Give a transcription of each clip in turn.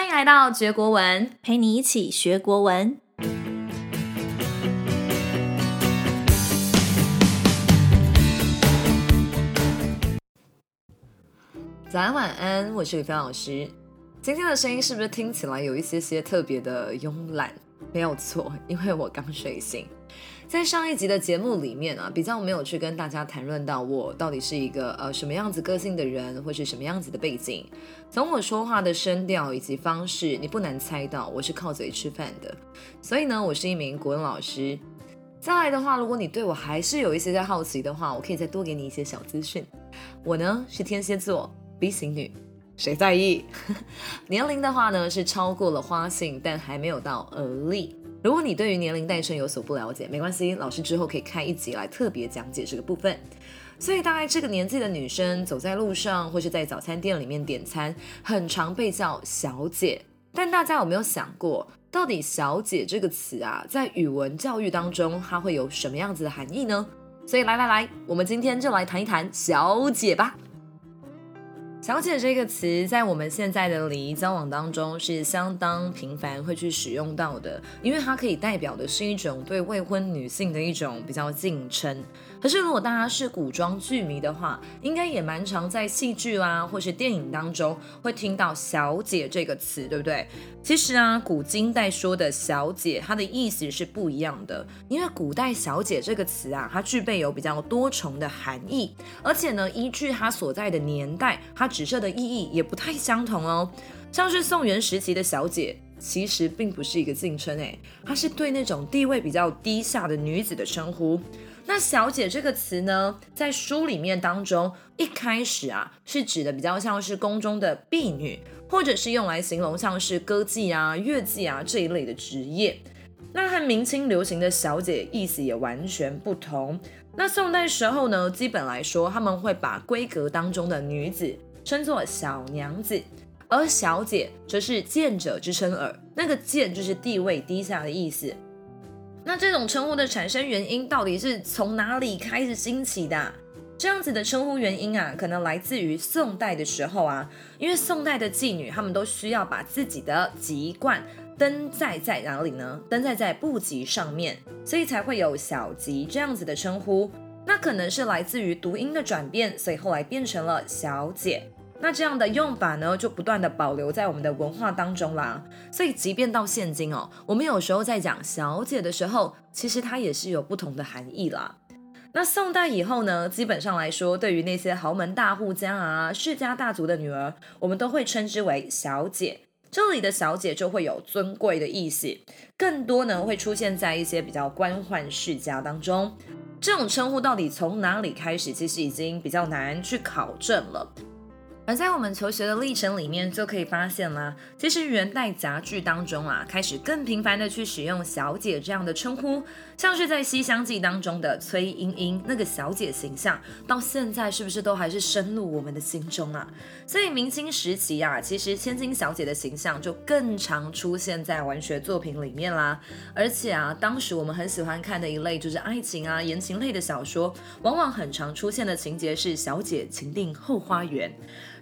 歡迎來到學國文，陪你一起學國文。早安晚安，我是李飛老師。今天的聲音是不是聽起來有一些些特別的慵懶？沒有錯，因為我剛睡醒。在上一集的節目裡面啊，比較沒有去跟大家談論到我到底是一個呃什麼樣子個性的人，或是什麼樣子的背景。從我說話的聲調以及方式，你不難猜到我是靠嘴吃飯的。所以呢，我是一名國文老師。再來的話，如果你對我還是有一些在好奇的話，我可以再多給你一些小資訊。我呢是天蠍座，B 型女。誰在意 年齡的話呢？是超過了花信，但還沒有到而立。如果你對於年齡代稱有所不了解，沒關係，老師之後可以開一集來特別講解這個部分。所以大概這個年紀的女生走在路上，或是在早餐店裡面點餐，很常被叫小姐。但大家有沒有想過，到底“小姐”這個詞啊，在語文教育當中，它會有什麼樣子的含義呢？所以來來來，我們今天就來談一談“小姐”吧。小姐這個詞在我們現在的禮儀交往當中是相當頻繁會去使用到的，因為它可以代表的是一種對未婚女性的一種比較敬稱。可是如果大家是古裝劇迷的話，應該也蠻常在戲劇啊或是電影當中會聽到“小姐”這個詞，對不對？其實啊，古今在說的“小姐”，它的意思是不一樣的，因為古代“小姐”這個詞啊，它具備有比較多重的含義，而且呢，依據它所在的年代，它指涉的意義也不太相同哦，像是宋元時期的“小姐”，其實並不是一個敬稱，哎，她是對那種地位比較低下的女子的稱呼。那“小姐”這個詞呢，在書裡面當中，一開始啊，是指的比較像是宮中的婢女，或者是用來形容像是歌妓啊、樂妓啊這一類的職業。那和明清流行的“小姐”意思也完全不同。那宋代時候呢，基本來說，他們會把閨閣當中的女子。稱作小娘子，而小姐則是賤者之稱耳。那個賤就是地位低下的意思。那這種稱呼的產生原因到底是從哪裡開始興起的？這樣子的稱呼原因啊，可能來自於宋代的時候啊，因為宋代的妓女她們都需要把自己的籍貫登載在哪裡呢？登在在戶籍上面，所以才會有小籍這樣子的稱呼。那可能是來自於讀音的轉變，所以後來變成了小姐。那這樣的用法呢，就不斷地保留在我們的文化當中啦。所以即便到現今哦，我們有時候在講小姐的時候，其實它也是有不同的含義啦。那宋代以後呢，基本上來說，對於那些豪門大戶家啊、世家大族的女兒，我們都會稱之為小姐。這裡的小姐就會有尊貴的意思，更多呢會出現在一些比較官宦世家當中。這種稱呼到底從哪裡開始，其實已經比較難去考證了。而在我們求學的歷程裡面，就可以發現啦，其實元代雜劇當中啊，開始更頻繁地去使用“小姐”這樣的稱呼，像是在《西廂記》當中的崔鶯鶯那個小姐形象，到現在是不是都還是深入我們的心中啊？所以明清時期啊，其實千金小姐的形象就更常出現在文學作品裡面啦。而且啊，當時我們很喜歡看的一類就是愛情啊言情類的小說，往往很常出現的情節是小姐情定後花園。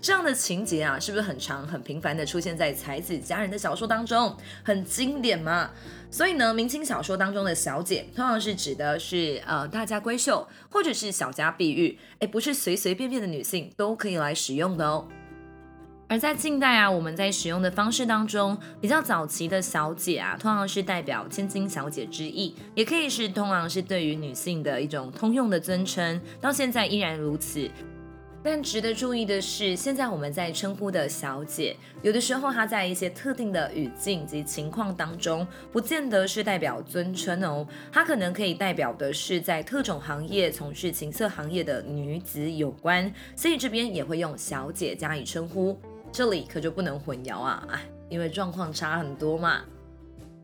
這樣的情節啊，是不是很長、很頻繁地出現在才子佳人的小說當中，很經典嘛？所以呢，明清小說當中的“小姐”通常是指的是呃大家閨秀，或者是小家碧玉，誒、欸，不是隨隨便便，便的女性都可以來使用的哦。而在近代啊，我們在使用的方式當中，比較早期的“小姐”啊，通常是代表千金小姐之意，也可以是通常是對於女性的一種通用的尊稱，到現在依然如此。但值得注意的是，現在我們在稱呼的“小姐”，有的時候她在一些特定的語境及情況當中，不見得是代表尊稱哦，她可能可以代表的是在特種行業從事情色行業的女子有關，所以這邊也會用“小姐”加以稱呼，這裡可就不能混淆啊，哎，因為狀況差很多嘛。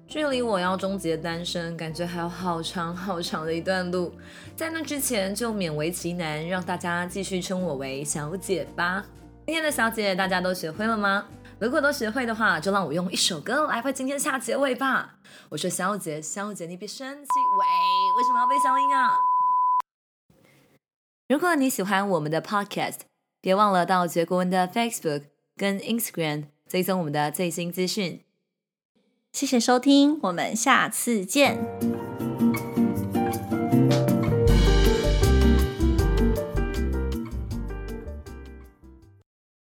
距離我要終極的單身感覺還有好長好長的一段路，在那之前就勉為其難讓大家繼續稱我為小姐吧。今天的小姐大家都學會了嗎？如果都學會的話，就讓我用一首歌來為今天下結尾吧。我說：“小姐，小姐，你別生氣。”喂，為什麼要被消音啊？如果你喜歡我們的 Podcast，別忘了到結果文的 Facebook 跟 Instagram 追蹤我們的最新資訊。謝謝收聽，我們下次見。